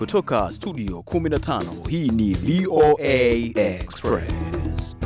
Kutoka studio 15 hii ni VOA Express.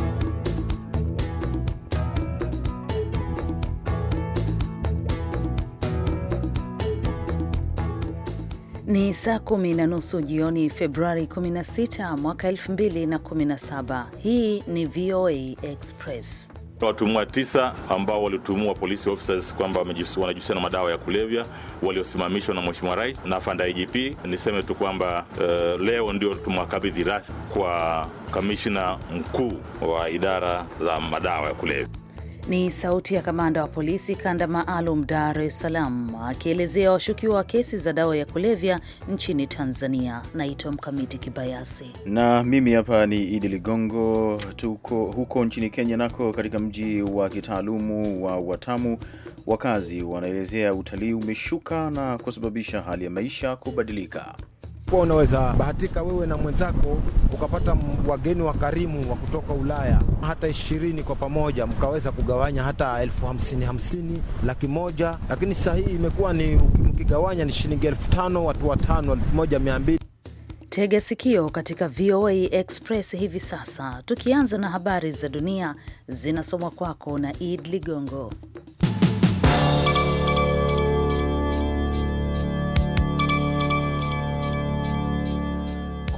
Ni saa kumi na nusu jioni, Februari 16 mwaka 2017. Hii ni VOA Express. Watumwa tisa ambao walitumua police officers kwamba wanajihusiana na madawa ya kulevya waliosimamishwa na Mheshimiwa Rais na fanda IGP. Niseme tu kwamba uh, leo ndio tumwakabidhi rasmi kwa kamishna mkuu wa idara za madawa ya kulevya. Ni sauti ya kamanda wa polisi kanda maalum Dar es Salaam akielezea washukiwa wa kesi za dawa ya kulevya nchini Tanzania. Naitwa Mkamiti Kibayasi na mimi hapa ni Idi Ligongo. Tuko huko nchini Kenya, nako katika mji wa kitaalumu wa Watamu, wakazi wanaelezea utalii umeshuka na kusababisha hali ya maisha kubadilika. Kwa unaweza bahatika wewe na mwenzako ukapata wageni wa karimu wa kutoka Ulaya hata ishirini kwa pamoja, mkaweza kugawanya hata elfu hamsini hamsini, laki moja. Lakini saa hii imekuwa ni mkigawanya ni shilingi elfu tano watu watano, elfu moja mia mbili. Tega sikio katika VOA Express hivi sasa, tukianza na habari za dunia zinasomwa kwako na Id Ligongo.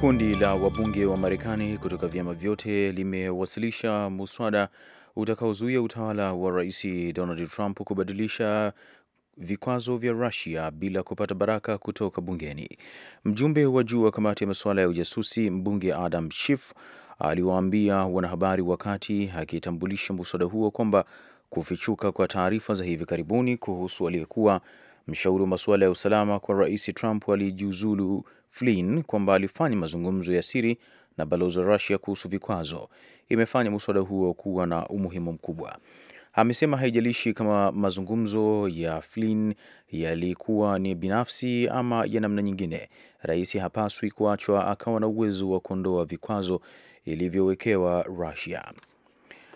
Kundi la wabunge wa Marekani kutoka vyama vyote limewasilisha muswada utakaozuia utawala wa Rais Donald Trump kubadilisha vikwazo vya Rusia bila kupata baraka kutoka bungeni. Mjumbe wa juu wa kamati ya masuala ya ujasusi, mbunge Adam Schiff aliwaambia wanahabari wakati akitambulisha muswada huo kwamba kufichuka kwa taarifa za hivi karibuni kuhusu aliyekuwa mshauri wa masuala ya usalama kwa Rais Trump alijiuzulu Flynn kwamba alifanya mazungumzo ya siri na balozi wa Rusia kuhusu vikwazo, imefanya muswada huo kuwa na umuhimu mkubwa. Amesema haijalishi kama mazungumzo ya Flynn yalikuwa ni binafsi ama ya namna nyingine, rais hapaswi kuachwa akawa na uwezo wa kuondoa vikwazo ilivyowekewa Rusia.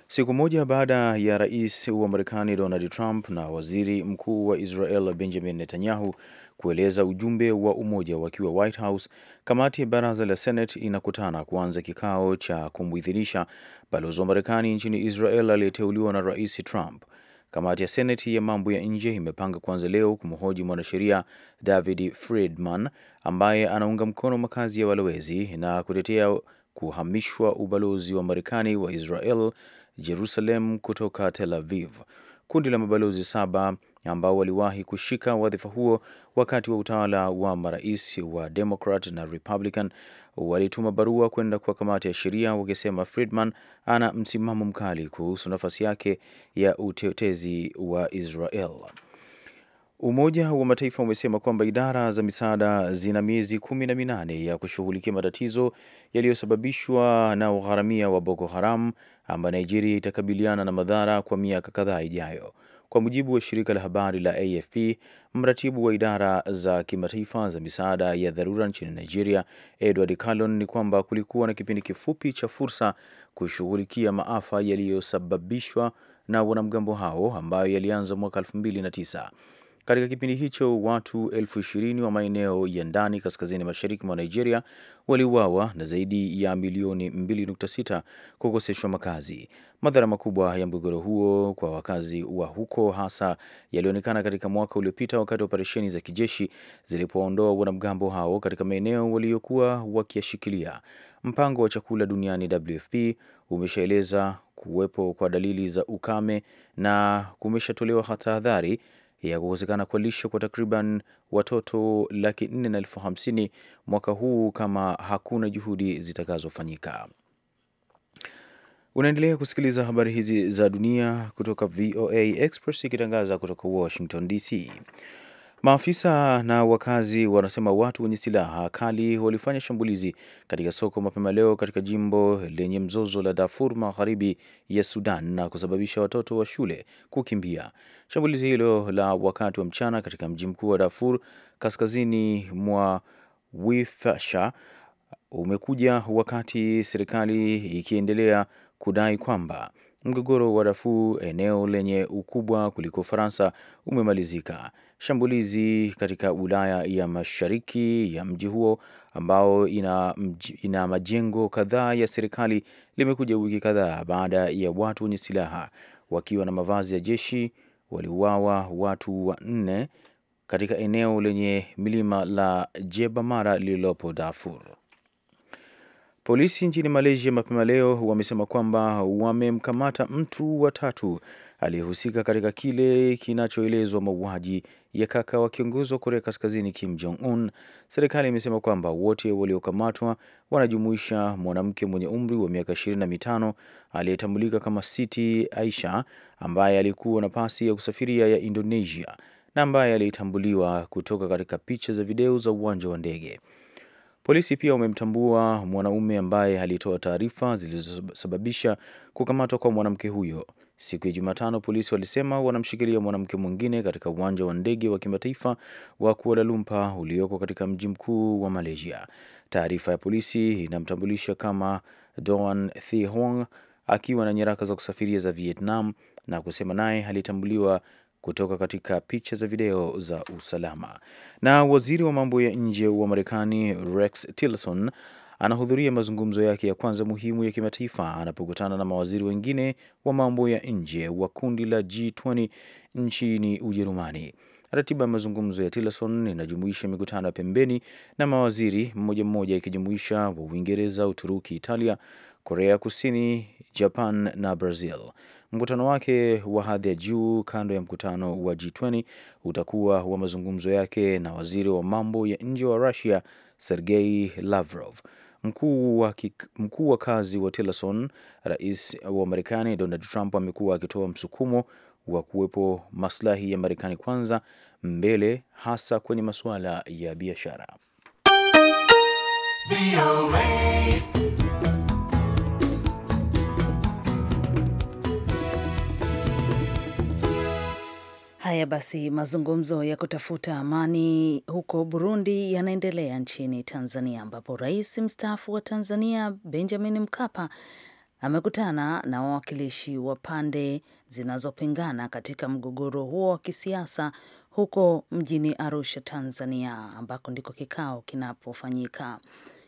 Siku moja baada ya rais wa Marekani Donald Trump na waziri mkuu wa Israel Benjamin Netanyahu kueleza ujumbe wa umoja wakiwa White House. Kamati ya baraza la Senate inakutana kuanza kikao cha kumwidhinisha balozi wa Marekani nchini Israel aliyeteuliwa na Rais Trump. Kamati ya Seneti ya mambo ya nje imepanga kuanza leo kumhoji mwanasheria David Friedman ambaye anaunga mkono makazi ya walowezi na kutetea kuhamishwa ubalozi wa Marekani wa Israel Jerusalem kutoka Tel Aviv. Kundi la mabalozi saba ambao waliwahi kushika wadhifa huo wakati wa utawala wa marais wa Democrat na Republican walituma barua kwenda kwa kamati ya sheria wakisema Friedman ana msimamo mkali kuhusu nafasi yake ya utetezi wa Israel. Umoja wa Mataifa umesema kwamba idara za misaada zina miezi kumi na minane ya kushughulikia matatizo yaliyosababishwa na ugharamia wa Boko Haram, ambayo Nigeria itakabiliana na madhara kwa miaka kadhaa ijayo. Kwa mujibu wa shirika la habari la AFP, mratibu wa idara za kimataifa za misaada ya dharura nchini Nigeria, Edward Callon, ni kwamba kulikuwa na kipindi kifupi cha fursa kushughulikia maafa yaliyosababishwa na wanamgambo hao ambayo yalianza mwaka 2009. Katika kipindi hicho watu elfu ishirini wa maeneo ya ndani kaskazini mashariki mwa Nigeria waliuawa na zaidi ya milioni 2.6 kukoseshwa makazi. Madhara makubwa ya mgogoro huo kwa wakazi wa huko hasa yalionekana katika mwaka uliopita wakati operesheni za kijeshi zilipoondoa wanamgambo hao katika maeneo waliokuwa wakiyashikilia. Mpango wa chakula duniani WFP umeshaeleza kuwepo kwa dalili za ukame na kumeshatolewa tahadhari ya kukosekana kwa lishe kwa takriban watoto laki nne na elfu hamsini mwaka huu kama hakuna juhudi zitakazofanyika. Unaendelea kusikiliza habari hizi za dunia kutoka VOA Express ikitangaza kutoka Washington DC. Maafisa na wakazi wanasema watu wenye silaha kali walifanya shambulizi katika soko mapema leo katika jimbo lenye mzozo la Darfur magharibi ya Sudan na kusababisha watoto wa shule kukimbia. Shambulizi hilo la wakati wa mchana katika mji mkuu wa Darfur kaskazini mwa Wifasha umekuja wakati serikali ikiendelea kudai kwamba Mgogoro wa Darfur, eneo lenye ukubwa kuliko Ufaransa, umemalizika. Shambulizi katika wilaya ya mashariki ya mji huo ambao ina, ina majengo kadhaa ya serikali limekuja wiki kadhaa baada ya watu wenye silaha wakiwa na mavazi ya jeshi waliuawa watu wanne katika eneo lenye milima la Jebamara lililopo Darfur. Polisi nchini Malaysia mapema leo wamesema kwamba wamemkamata mtu wa tatu aliyehusika katika kile kinachoelezwa mauaji ya kaka wa kiongozi wa Korea Kaskazini Kim Jong Un. Serikali imesema kwamba wote waliokamatwa wanajumuisha mwanamke mwenye umri wa miaka ishirini na mitano aliyetambulika kama Siti Aisha ambaye alikuwa na pasi ya kusafiria ya Indonesia na ambaye alitambuliwa kutoka katika picha za video za uwanja wa ndege. Polisi pia wamemtambua mwanaume ambaye alitoa taarifa zilizosababisha kukamatwa kwa mwanamke huyo. Siku ya Jumatano, polisi walisema wanamshikilia mwanamke mwingine katika uwanja wa ndege wa kimataifa wa Kuala Lumpur ulioko katika mji mkuu wa Malaysia. Taarifa ya polisi inamtambulisha kama Doan Thi Hong akiwa na nyaraka za kusafiria za Vietnam na kusema naye alitambuliwa kutoka katika picha za video za usalama. Na waziri wa mambo ya nje wa Marekani Rex Tillerson anahudhuria mazungumzo yake ya kwanza muhimu ya kimataifa anapokutana na mawaziri wengine wa mambo ya nje wa kundi la G20 nchini Ujerumani. Ratiba ya mazungumzo ya Tillerson inajumuisha mikutano ya pembeni na mawaziri mmoja mmoja, ikijumuisha wa Uingereza, Uturuki, Italia, Korea Kusini, Japan na Brazil. Mkutano wake wa hadhi ya juu kando ya mkutano wa G20 utakuwa wa mazungumzo yake na waziri wa mambo ya nje wa Russia, Sergei Lavrov. Mkuu wa, mkuu wa kazi wa Tillerson, rais wa Marekani Donald Trump amekuwa akitoa msukumo wa kuwepo maslahi ya Marekani kwanza mbele, hasa kwenye masuala ya biashara. Haya basi, mazungumzo ya kutafuta amani huko Burundi yanaendelea nchini Tanzania, ambapo rais mstaafu wa Tanzania Benjamin Mkapa amekutana na wawakilishi wa pande zinazopingana katika mgogoro huo wa kisiasa huko mjini Arusha, Tanzania, ambako ndiko kikao kinapofanyika.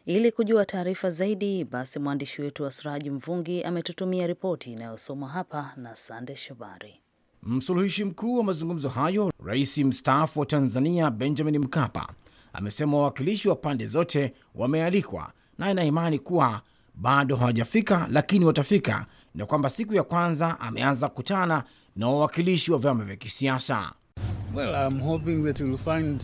Ili kujua taarifa zaidi, basi mwandishi wetu Asraji Mvungi ametutumia ripoti inayosomwa hapa na Sande Shobari. Msuluhishi mkuu wa mazungumzo hayo, rais mstaafu wa Tanzania Benjamin Mkapa, amesema wawakilishi wa pande zote wamealikwa na ina imani kuwa bado hawajafika, lakini watafika, na kwamba siku ya kwanza ameanza kukutana na wawakilishi wa vyama vya kisiasa. Well, I'm hoping that we'll find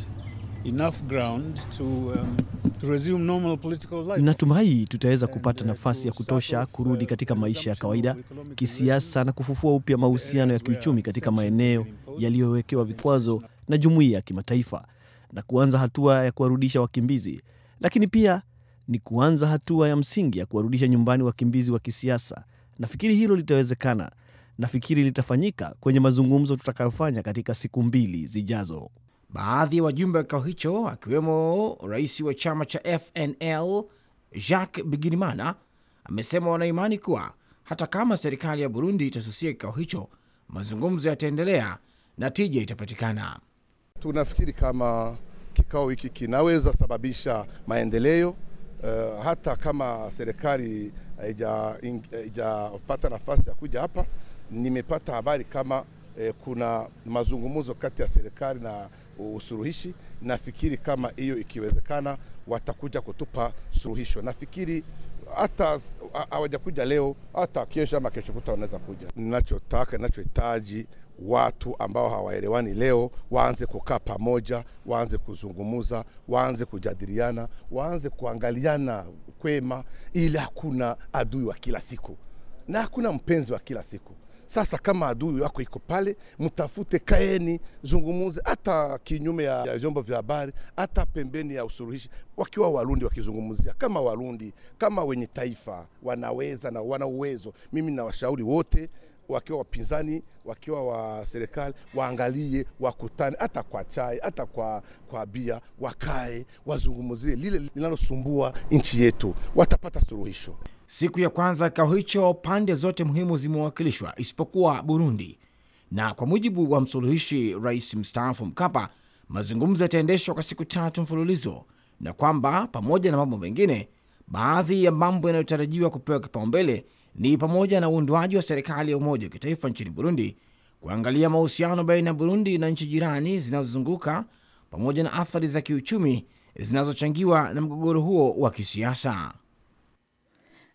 enough ground to, um, to resume normal political life. Natumai tutaweza kupata uh, nafasi ya kutosha kurudi uh, katika maisha ya kawaida kisiasa na kufufua upya mahusiano ya kiuchumi katika maeneo yaliyowekewa vikwazo na jumuiya ya kimataifa na kuanza hatua ya kuwarudisha wakimbizi, lakini pia ni kuanza hatua ya msingi ya kuwarudisha nyumbani wakimbizi wa kisiasa. Nafikiri hilo litawezekana. Nafikiri litafanyika kwenye mazungumzo tutakayofanya katika siku mbili zijazo. Baadhi ya wajumbe wa kikao hicho akiwemo rais wa chama cha FNL Jacques Bigirimana amesema wanaimani kuwa hata kama serikali ya Burundi itasusia kikao hicho, mazungumzo yataendelea na tija itapatikana. Tunafikiri kama kikao hiki kinaweza sababisha maendeleo Uh, hata kama serikali haijapata nafasi ya kuja hapa, nimepata habari kama eh, kuna mazungumzo kati ya serikali na usuluhishi. Nafikiri kama hiyo ikiwezekana, watakuja kutupa suluhisho. Nafikiri hata hawajakuja leo, hata kesho ama kesho kuta wanaweza kuja. Ninachotaka, ninachohitaji watu ambao hawaelewani leo waanze kukaa pamoja, waanze kuzungumuza, waanze kujadiliana, waanze kuangaliana kwema, ili hakuna adui wa kila siku na hakuna mpenzi wa kila siku. Sasa kama adui wako iko pale, mtafute, kaeni, zungumuze, hata kinyume ya vyombo vya habari, hata pembeni ya usuluhishi, wakiwa Warundi wakizungumzia kama Warundi kama wenye taifa, wanaweza na wana uwezo. Mimi nawashauri wote wakiwa wapinzani wakiwa wa serikali waangalie, wakutane, hata kwa chai, hata kwa, kwa bia, wakae wazungumzie lile linalosumbua nchi yetu, watapata suluhisho. Siku ya kwanza kikao hicho, pande zote muhimu zimewakilishwa isipokuwa Burundi, na kwa mujibu wa msuluhishi rais mstaafu Mkapa, mazungumzo yataendeshwa kwa siku tatu mfululizo na kwamba pamoja na mambo mengine, baadhi ya mambo yanayotarajiwa kupewa kipaumbele ni pamoja na uundwaji wa serikali ya umoja wa kitaifa nchini Burundi, kuangalia mahusiano baina ya Burundi na nchi jirani zinazozunguka pamoja na athari za kiuchumi zinazochangiwa na mgogoro huo wa kisiasa.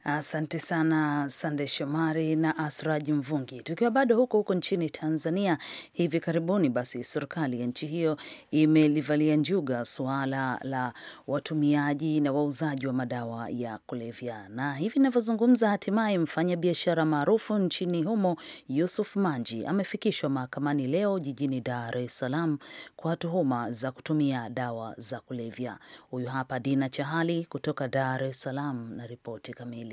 Asante sana Sande Shomari na Asraj Mvungi. Tukiwa bado huko huko nchini Tanzania, hivi karibuni basi serikali ya nchi hiyo imelivalia njuga suala la watumiaji na wauzaji wa madawa ya kulevya, na hivi inavyozungumza, hatimaye mfanya biashara maarufu nchini humo Yusuf Manji amefikishwa mahakamani leo jijini Dar es Salaam kwa tuhuma za kutumia dawa za kulevya. Huyu hapa Dina Chahali kutoka Dar es Salaam na ripoti kamili.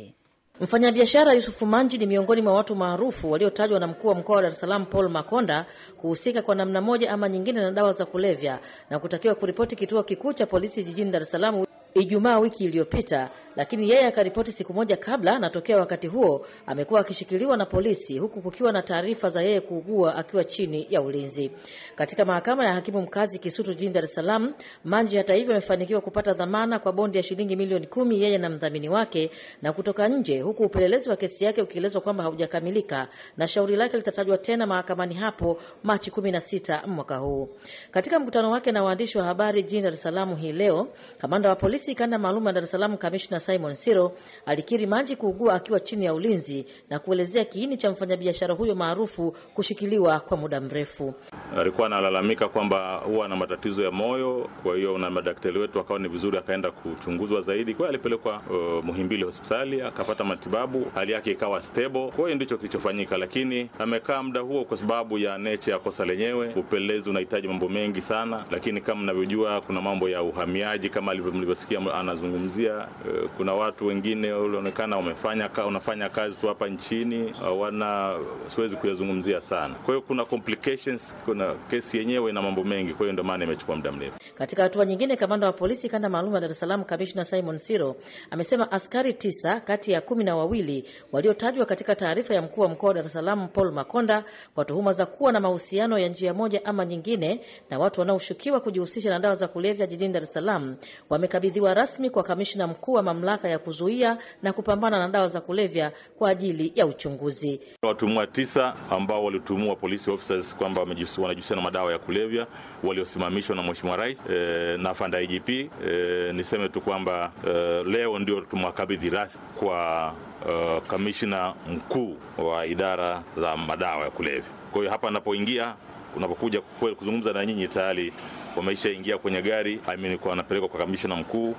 Mfanyabiashara Yusufu Manji ni miongoni mwa watu maarufu waliotajwa na mkuu wa mkoa wa Dar es Salaam Paul Makonda kuhusika kwa namna moja ama nyingine na dawa za kulevya na kutakiwa kuripoti kituo kikuu cha polisi jijini Dar es Salaam Ijumaa wiki iliyopita lakini yeye akaripoti siku moja kabla, na tokea wakati huo amekuwa akishikiliwa na polisi, huku kukiwa na taarifa za yeye kuugua akiwa chini ya ulinzi. Katika mahakama ya hakimu mkazi Kisutu jijini Dar es Salaam, Manji hata hivyo amefanikiwa kupata dhamana kwa bondi ya shilingi milioni kumi yeye na mdhamini wake na kutoka nje, huku upelelezi wa kesi yake ukielezwa kwamba haujakamilika na shauri lake litatajwa tena mahakamani hapo Machi 16 mwaka huu. Katika mkutano wake na waandishi wa habari jijini Dar es Salaam hii leo, kamanda wa polisi kanda maalum ya Dar es Salaam kamishna China Simon Siro alikiri Manji kuugua akiwa chini ya ulinzi na kuelezea kiini cha mfanyabiashara huyo maarufu kushikiliwa kwa muda mrefu. Alikuwa analalamika kwamba huwa na matatizo ya moyo, kwa hiyo na madaktari wetu akawa ni vizuri akaenda kuchunguzwa zaidi. Kwa hiyo alipelekwa uh, Muhimbili hospitali akapata matibabu, hali yake ikawa stable. Kwa hiyo ndicho kilichofanyika, lakini amekaa muda huo kwa sababu ya neche ya kosa lenyewe. Upelelezi unahitaji mambo mengi sana, lakini kama mnavyojua, kuna mambo ya uhamiaji kama mlivyosikia anazungumzia uh, kuna watu wengine walionekana wamefanya unafanya kazi tu hapa nchini, wana siwezi kuyazungumzia sana. Kwa hiyo kuna complications, kuna kesi yenyewe na mambo mengi, kwa hiyo ndio maana imechukua muda mrefu. Katika hatua nyingine, kamanda wa polisi kanda maalum ya Dar es Salaam Kamishna Simon Siro amesema askari tisa kati ya kumi na wawili waliotajwa katika taarifa ya mkuu wa mkoa wa Dar es Salaam Paul Makonda kwa tuhuma za kuwa na mahusiano ya njia moja ama nyingine na watu wanaoshukiwa kujihusisha na dawa za kulevya jijini Dar es Salaam wamekabidhiwa rasmi kwa kamishna mkuu wa mamlaka ya kuzuia na kupambana na dawa za kulevya kwa ajili ya uchunguzi. Watumwa tisa ambao walitumua polisi officers kwamba wanajihusisha na madawa ya kulevya waliosimamishwa na Mheshimiwa Rais e, na afanda IGP e, eh, niseme tu kwamba e, leo ndio tumwakabidhi rasmi kwa Uh, kamishna mkuu wa idara za madawa ya kulevya. Kwa hiyo hapa anapoingia, unapokuja kuzungumza na nyinyi, tayari wameishaingia kwenye gari, I mean, kwa anapelekwa kwa kamishna mkuu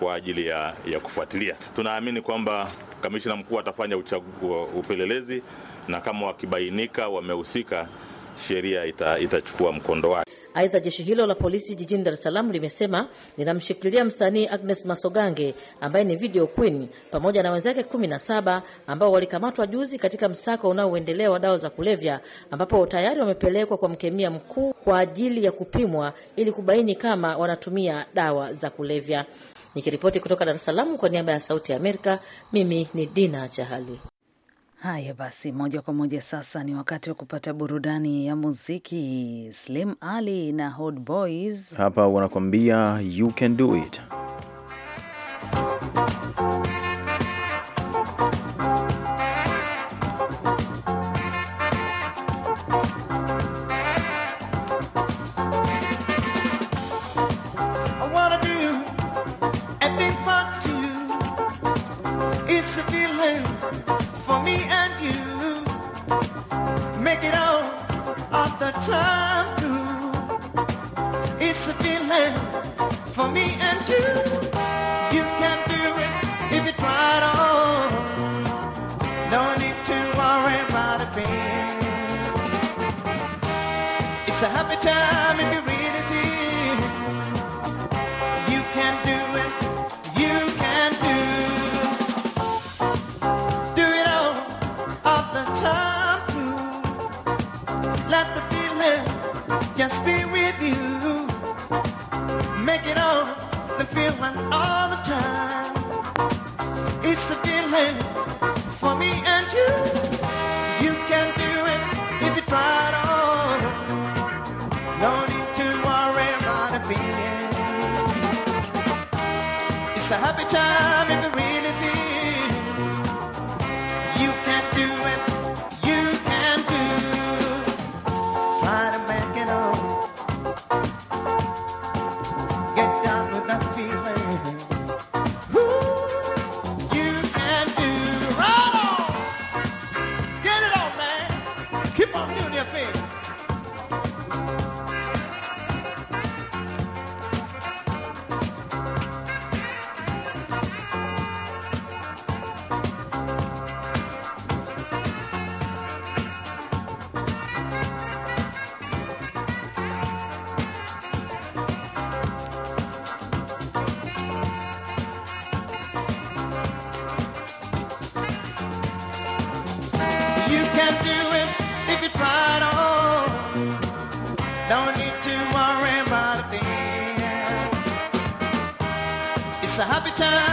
kwa ajili ya, ya kufuatilia. Tunaamini kwamba kamishina mkuu atafanya upelelezi na kama wakibainika wamehusika, sheria ita, itachukua mkondo wake. Aidha, jeshi hilo la polisi jijini Dar es Salaam limesema linamshikilia msanii Agnes Masogange ambaye ni video queen pamoja na wenzake 17 ambao walikamatwa juzi katika msako unaoendelea wa dawa za kulevya, ambapo tayari wamepelekwa kwa mkemia mkuu kwa ajili ya kupimwa ili kubaini kama wanatumia dawa za kulevya. Nikiripoti kutoka Dar es Salaam kwa niaba ya Sauti ya Amerika, mimi ni Dina Chahali. Haya basi, moja kwa moja sasa ni wakati wa kupata burudani ya muziki. Slim Ali na Hot Boys hapa wanakuambia you can do it. the end. a happy time if it Don't need to worry about a thing. It's a happy time.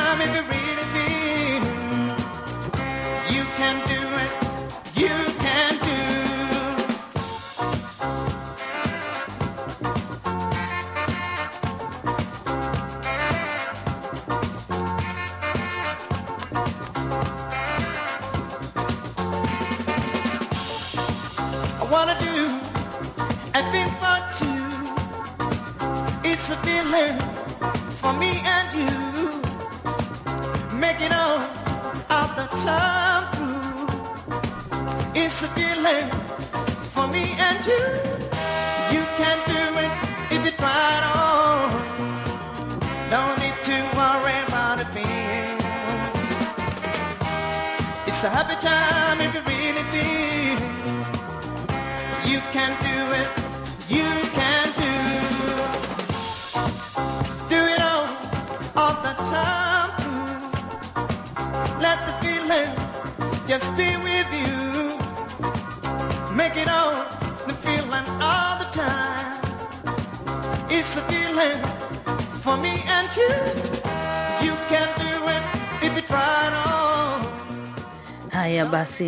Basi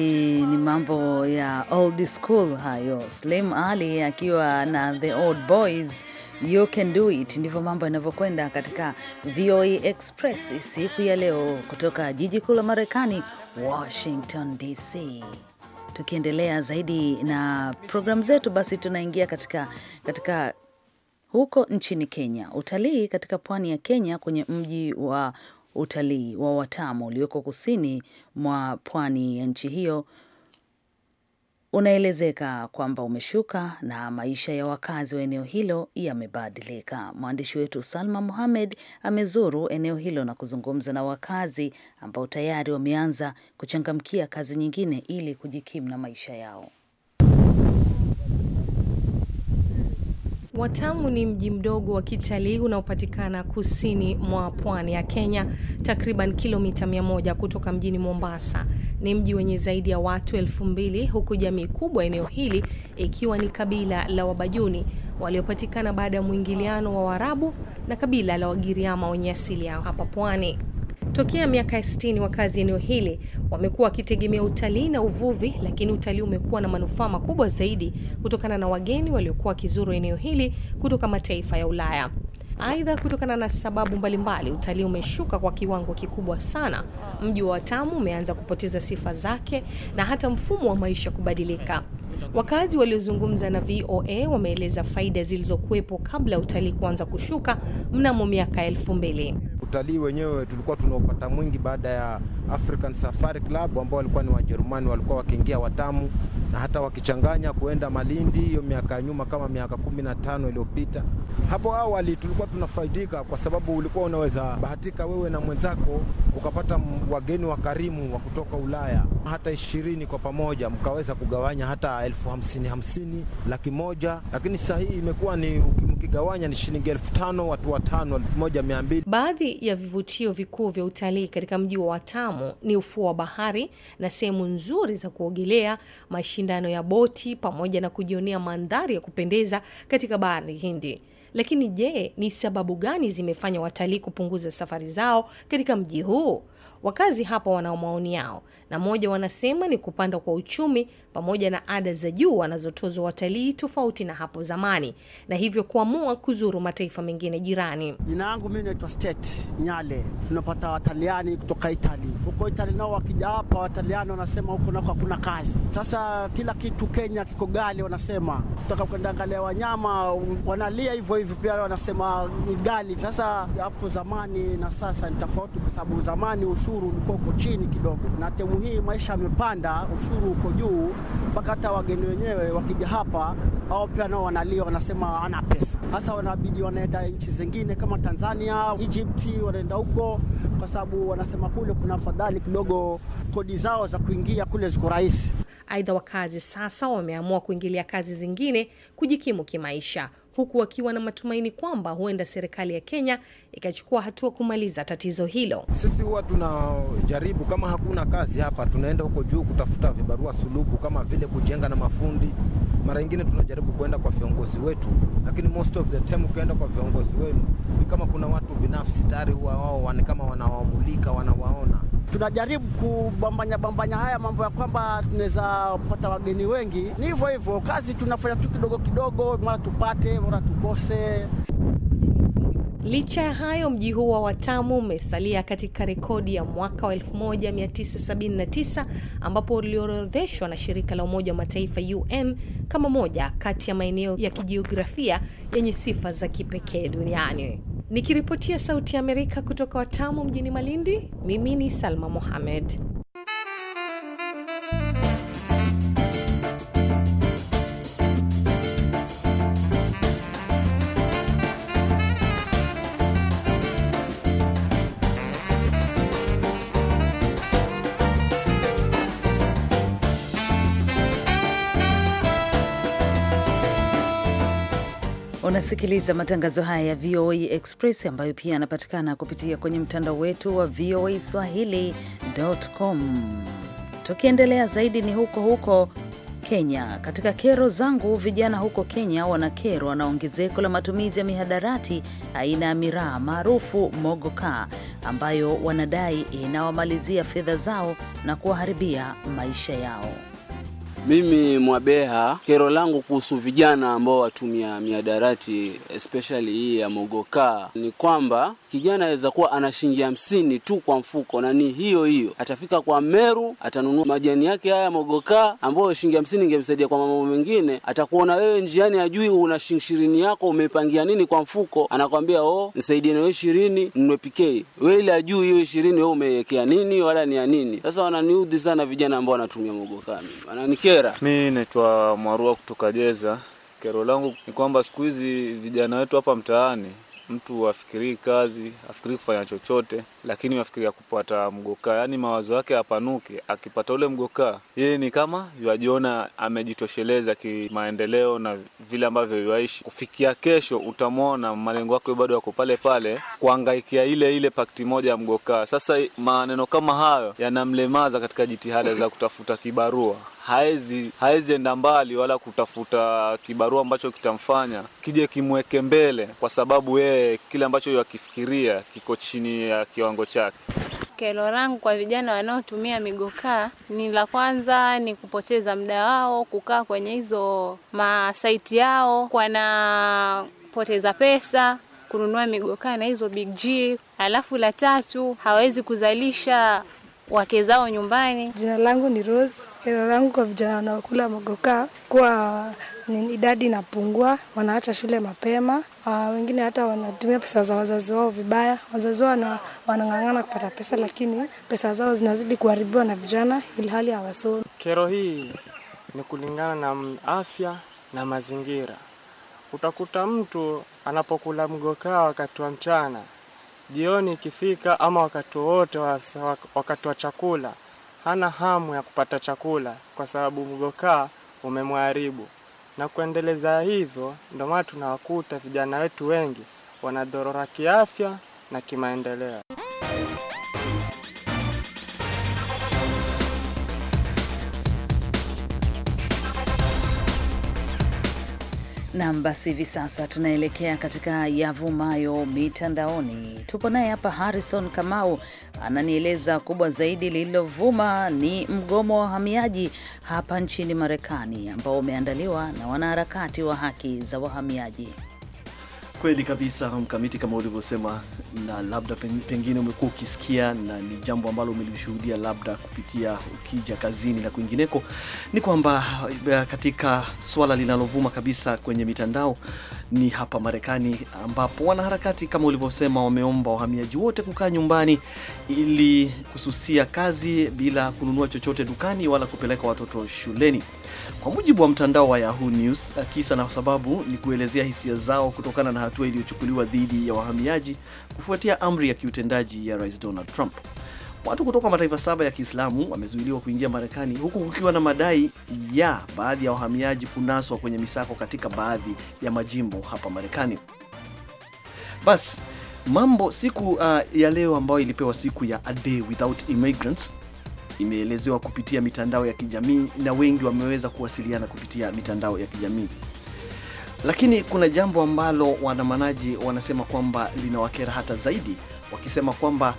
ni mambo ya old school hayo, Slim Ali akiwa na the old boys, you can do it. Ndivyo mambo yanavyokwenda katika VOA e Express siku ya leo, kutoka jiji kuu la Marekani, Washington DC. Tukiendelea zaidi na programu zetu, basi tunaingia katika katika huko nchini Kenya, utalii katika pwani ya Kenya kwenye mji wa utalii wa Watamu ulioko kusini mwa pwani ya nchi hiyo unaelezeka kwamba umeshuka na maisha ya wakazi wa eneo hilo yamebadilika. Mwandishi wetu Salma Mohamed amezuru eneo hilo na kuzungumza na wakazi ambao tayari wameanza kuchangamkia kazi nyingine ili kujikimu na maisha yao. Watamu ni mji mdogo wa kitalii unaopatikana kusini mwa pwani ya Kenya, takriban kilomita 100 kutoka mjini Mombasa. Ni mji wenye zaidi ya watu elfu mbili huku jamii kubwa eneo hili ikiwa ni kabila la Wabajuni waliopatikana baada ya mwingiliano wa Waarabu na kabila la Wagiriama wenye asili yao hapa pwani. Tokea miaka 60 wakazi eneo hili wamekuwa wakitegemea utalii na uvuvi, lakini utalii umekuwa na manufaa makubwa zaidi kutokana na wageni waliokuwa wakizuru eneo hili kutoka mataifa ya Ulaya. Aidha, kutokana na sababu mbalimbali, utalii umeshuka kwa kiwango kikubwa sana. Mji wa Watamu umeanza kupoteza sifa zake na hata mfumo wa maisha kubadilika. Wakazi waliozungumza na VOA wameeleza faida zilizokuwepo kabla ya utalii kuanza kushuka mnamo miaka elfu mbili utalii wenyewe tulikuwa tunaopata mwingi baada ya African Safari Club ambao walikuwa ni Wajerumani walikuwa wakiingia Watamu na hata wakichanganya kuenda Malindi, hiyo miaka ya nyuma kama miaka kumi na tano iliyopita. Hapo awali tulikuwa tunafaidika kwa sababu ulikuwa unaweza bahatika wewe na mwenzako ukapata wageni karimu wa kutoka Ulaya hata ishirini kwa pamoja, mkaweza kugawanya hata elfu hamsini hamsini, laki moja. Lakini saa hii imekuwa ni mkigawanya ni shilingi elfu tano watu watano, elfu moja mia mbili. Baadhi ya vivutio vikuu vya utalii katika mji wa Watamu ni ufuo wa bahari na sehemu nzuri za kuogelea mashi mashindano ya boti pamoja na kujionea mandhari ya kupendeza katika bahari Hindi. Lakini je, ni sababu gani zimefanya watalii kupunguza safari zao katika mji huu? Wakazi hapa wanao maoni yao, na moja wanasema ni kupanda kwa uchumi pamoja na ada za juu wanazotozwa watalii tofauti na hapo zamani, na hivyo kuamua kuzuru mataifa mengine jirani. Jina yangu mimi naitwa State Nyale. Tunapata wataliani kutoka Itali. Huko Itali nao wakija hapa, wataliani wanasema huko nako hakuna kazi. Sasa kila kitu Kenya kiko gali, wanasema kutaka kwenda angalia wanyama wanalia hivyo hivyo, pia wanasema ni gali. Sasa hapo zamani na sasa ni tofauti, kwa sababu zamani ushuru ulikuwa uko chini kidogo, na temu hii maisha yamepanda, ushuru uko juu mpaka hata wageni wenyewe wakija hapa au pia nao wanalia, wanasema ana pesa hasa, wanabidi wanaenda nchi zingine kama Tanzania, Egypt, wanaenda huko kwa sababu wanasema kule kuna afadhali kidogo, kodi zao za kuingia kule ziko rahisi. Aidha, wakazi sasa wameamua kuingilia kazi zingine kujikimu kimaisha huku wakiwa na matumaini kwamba huenda serikali ya Kenya ikachukua hatua kumaliza tatizo hilo. Sisi huwa tunajaribu, kama hakuna kazi hapa, tunaenda huko juu kutafuta vibarua sulubu, kama vile kujenga na mafundi. Mara nyingine tunajaribu kuenda kwa viongozi wetu, lakini most of the time ukienda kwa viongozi wenu ni kama kuna watu binafsi tayari huwa wao kama wanawamulika, wanawaona tunajaribu kubambanya bambanya haya mambo ya kwamba tunaweza pata wageni wengi. Ni hivyo hivyo, kazi tunafanya tu kidogo kidogo, mara tupate, mara tukose. Licha ya hayo, mji huu wa Watamu umesalia katika rekodi ya mwaka wa 1979 ambapo uliorodheshwa na shirika la Umoja wa Mataifa UN kama moja kati ya maeneo ya kijiografia yenye sifa za kipekee duniani. Nikiripotia Sauti ya Amerika kutoka Watamu mjini Malindi, mimi ni Salma Mohamed. Unasikiliza matangazo haya ya VOA Express ambayo pia yanapatikana kupitia kwenye mtandao wetu wa VOA Swahili.com. Tukiendelea zaidi ni huko huko Kenya. Katika kero zangu, vijana huko Kenya wanakerwa na ongezeko la matumizi ya mihadarati aina ya miraa maarufu mogoka, ambayo wanadai inawamalizia fedha zao na kuwaharibia maisha yao. Mimi Mwabeha, kero langu kuhusu vijana ambao watumia miadarati especially hii ya mogoka ni kwamba kijana aweza kuwa ana shilingi hamsini tu kwa mfuko, na ni hiyo hiyo, atafika kwa Meru atanunua majani yake haya mogoka, ambayo shilingi hamsini ingemsaidia kwa mambo mengine. Atakuona wewe njiani, ajui una shilingi ishirini yako umeipangia nini kwa mfuko, anakwambia oh, nisaidie na wewe ishirini nwepikei wewe, ile ajui hiyo ishirini wewe umeiwekea nini wala ni ya nini. Sasa wananiudhi sana vijana ambao wanatumia mogoka, mimi kukera? Mi naitwa Mwarua kutoka Jeza. Kero langu ni kwamba siku hizi vijana wetu hapa mtaani mtu afikirii kazi, afikirii kufanya chochote, lakini afikiria kupata mgokaa. Yaani mawazo yake hapanuki. Akipata ule mgokaa, yeye ni kama yajiona amejitosheleza kimaendeleo na vile ambavyo yuaishi. Kufikia kesho, utamwona malengo yake bado yako pale pale, kuangaikia ile ile pakti moja ya mgokaa. Sasa maneno kama hayo yanamlemaza katika jitihada za kutafuta kibarua haezi haezi enda mbali wala kutafuta kibarua ambacho kitamfanya kije kimweke mbele, kwa sababu yeye kile ambacho yakifikiria kiko chini ya kiwango chake. Kero langu kwa vijana wanaotumia migokaa ni la kwanza ni kupoteza muda wao kukaa kwenye hizo masaiti yao, wanapoteza pesa kununua migokaa na hizo big G. Alafu la tatu hawezi kuzalisha wake zao nyumbani. Jina langu ni Rose. Kero langu kwa vijana wanaokula mogoka kuwa idadi inapungua, wanaacha shule mapema. Uh, wengine hata wanatumia pesa za wazazi wao vibaya. Wazazi wao wanang'ang'ana kupata pesa, lakini pesa zao zinazidi kuharibiwa na vijana, ilhali hawasomi. Kero hii ni kulingana na afya na mazingira. Utakuta mtu anapokula mgokaa wakati wa mchana Jioni ikifika ama wakati wowote wakati wa chakula, hana hamu ya kupata chakula kwa sababu mgokaa umemwharibu. Na kuendeleza hivyo, ndio maana tunawakuta vijana wetu wengi wanadhorora kiafya na kimaendeleo. Nam, basi hivi sasa tunaelekea katika yavumayo mitandaoni. Tupo naye hapa Harrison Kamau ananieleza kubwa zaidi lililovuma ni mgomo wa wahamiaji hapa nchini Marekani ambao umeandaliwa na wanaharakati wa haki za wahamiaji. Kweli kabisa, Mkamiti, kama ulivyosema na labda pengine umekuwa ukisikia na ni jambo ambalo umelishuhudia labda kupitia ukija kazini na kwingineko, ni kwamba eh, katika swala linalovuma kabisa kwenye mitandao ni hapa Marekani, ambapo wanaharakati kama ulivyosema wameomba wahamiaji wote kukaa nyumbani ili kususia kazi bila kununua chochote dukani wala kupeleka watoto shuleni. Kwa mujibu wa mtandao wa Yahoo News, eh, kisa na sababu ni kuelezea hisia zao kutokana na hatua iliyochukuliwa dhidi ya wahamiaji kufuatia amri ya kiutendaji ya Rais Donald Trump. Watu kutoka mataifa saba ya Kiislamu wamezuiliwa kuingia Marekani huku kukiwa na madai ya baadhi ya wahamiaji kunaswa kwenye misako katika baadhi ya majimbo hapa Marekani. Basi mambo siku uh, ya leo ambayo ilipewa siku ya A Day Without Immigrants imeelezewa kupitia mitandao ya kijamii na wengi wameweza kuwasiliana kupitia mitandao ya kijamii. Lakini kuna jambo ambalo waandamanaji wanasema kwamba linawakera hata zaidi, wakisema kwamba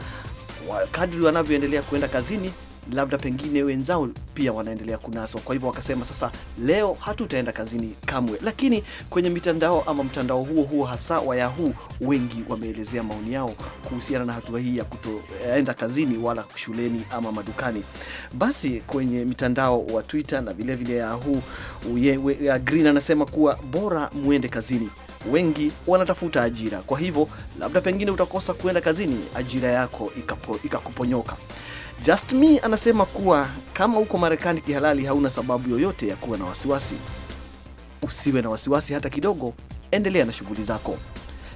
kadri wanavyoendelea kuenda kazini labda pengine wenzao pia wanaendelea kunaswa. Kwa hivyo wakasema sasa, leo hatutaenda kazini kamwe. Lakini kwenye mitandao ama mtandao huo huo hasa wa Yahoo, wengi wameelezea maoni yao kuhusiana na hatua hii ya kutoenda kazini wala shuleni ama madukani. Basi kwenye mitandao wa Twitter na vilevile Yahoo, Green anasema kuwa bora muende kazini wengi wanatafuta ajira, kwa hivyo labda pengine utakosa kuenda kazini, ajira yako ikapo, ikakuponyoka. Just Me anasema kuwa kama uko Marekani kihalali, hauna sababu yoyote ya kuwa na wasiwasi. Usiwe na wasiwasi hata kidogo, endelea na shughuli zako.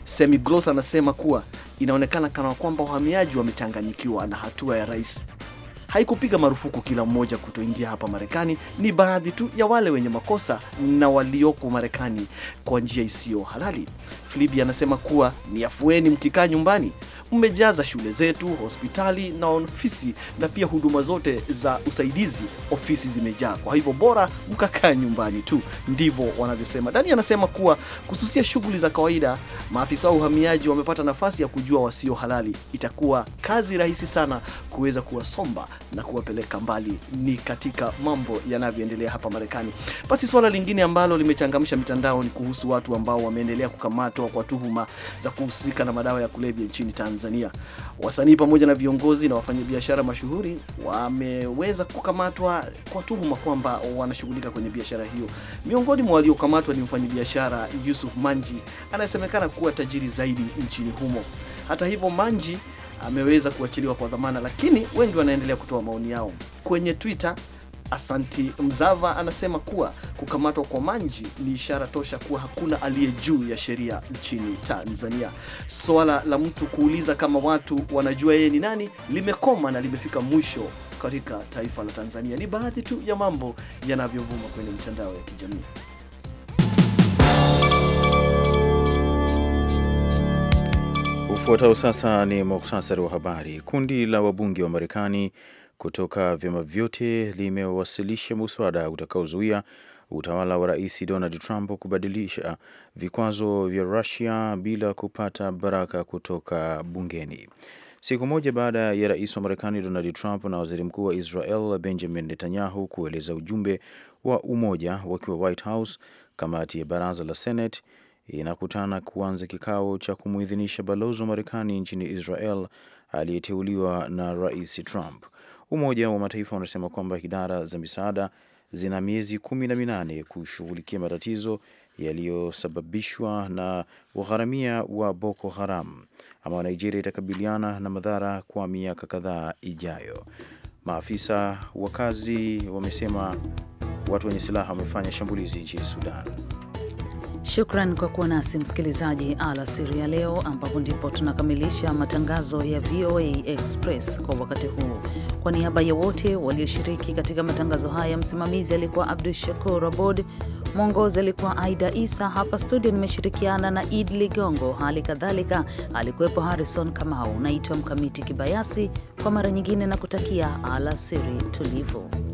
Semi Gross anasema kuwa inaonekana kana kwamba wahamiaji wamechanganyikiwa na hatua ya rais. Haikupiga marufuku kila mmoja kutoingia hapa Marekani, ni baadhi tu ya wale wenye makosa na walioko Marekani kwa njia isiyo halali. Filibi anasema kuwa ni afueni mkikaa nyumbani, mmejaza shule zetu, hospitali na ofisi, na pia huduma zote za usaidizi ofisi zimejaa. Kwa hivyo bora mkakaa nyumbani tu, ndivyo wanavyosema. Dani anasema kuwa kususia shughuli za kawaida, maafisa wa uhamiaji wamepata nafasi ya kujua wasio halali. Itakuwa kazi rahisi sana kuweza kuwasomba na kuwapeleka mbali. Ni katika mambo yanavyoendelea hapa Marekani. Basi suala lingine ambalo limechangamsha mitandao ni kuhusu watu ambao wameendelea kukamatwa kwa tuhuma za kuhusika na madawa ya kulevya nchini Tanzania. Tanzania. Wasanii pamoja na viongozi na wafanyabiashara mashuhuri wameweza kukamatwa kwa tuhuma kwamba wanashughulika kwenye biashara hiyo. Miongoni mwa waliokamatwa ni mfanyabiashara Yusuf Manji anayesemekana kuwa tajiri zaidi nchini humo. Hata hivyo, Manji ameweza kuachiliwa kwa dhamana, lakini wengi wanaendelea kutoa maoni yao kwenye Twitter. Asanti Mzava anasema kuwa kukamatwa kwa Manji ni ishara tosha kuwa hakuna aliye juu ya sheria nchini Tanzania. Swala la mtu kuuliza kama watu wanajua yeye ni nani limekoma na limefika mwisho katika taifa la Tanzania. Ni baadhi tu ya mambo yanavyovuma kwenye mitandao ya kijamii. Ufuatao sasa ni muhtasari wa habari. Kundi la wabunge wa Marekani kutoka vyama vyote limewasilisha muswada utakaozuia utawala wa Rais Donald Trump kubadilisha vikwazo vya Rusia bila kupata baraka kutoka bungeni. Siku moja baada ya rais wa Marekani Donald Trump na waziri mkuu wa Israel Benjamin Netanyahu kueleza ujumbe wa umoja wakiwa White House, kamati ya baraza la Senate inakutana kuanza kikao cha kumwidhinisha balozi wa Marekani nchini Israel aliyeteuliwa na rais Trump. Umoja wa Mataifa unasema kwamba idara za misaada zina miezi kumi na minane kushughulikia matatizo yaliyosababishwa na ugharamia wa Boko Haram ama Nigeria itakabiliana na madhara kwa miaka kadhaa ijayo. Maafisa wakazi wamesema watu wenye silaha wamefanya shambulizi nchini Sudan. Shukran kwa kuwa nasi msikilizaji alasiri ya leo, ambapo ndipo tunakamilisha matangazo ya VOA Express kwa wakati huu. Kwa niaba ya wote walioshiriki katika matangazo haya, msimamizi alikuwa Abdu Shakur Abod, mwongozi alikuwa Aida Isa. Hapa studio nimeshirikiana na Id Ligongo, hali kadhalika alikuwepo Harrison Kamau. Naitwa Mkamiti Kibayasi, kwa mara nyingine na kutakia alasiri tulivu.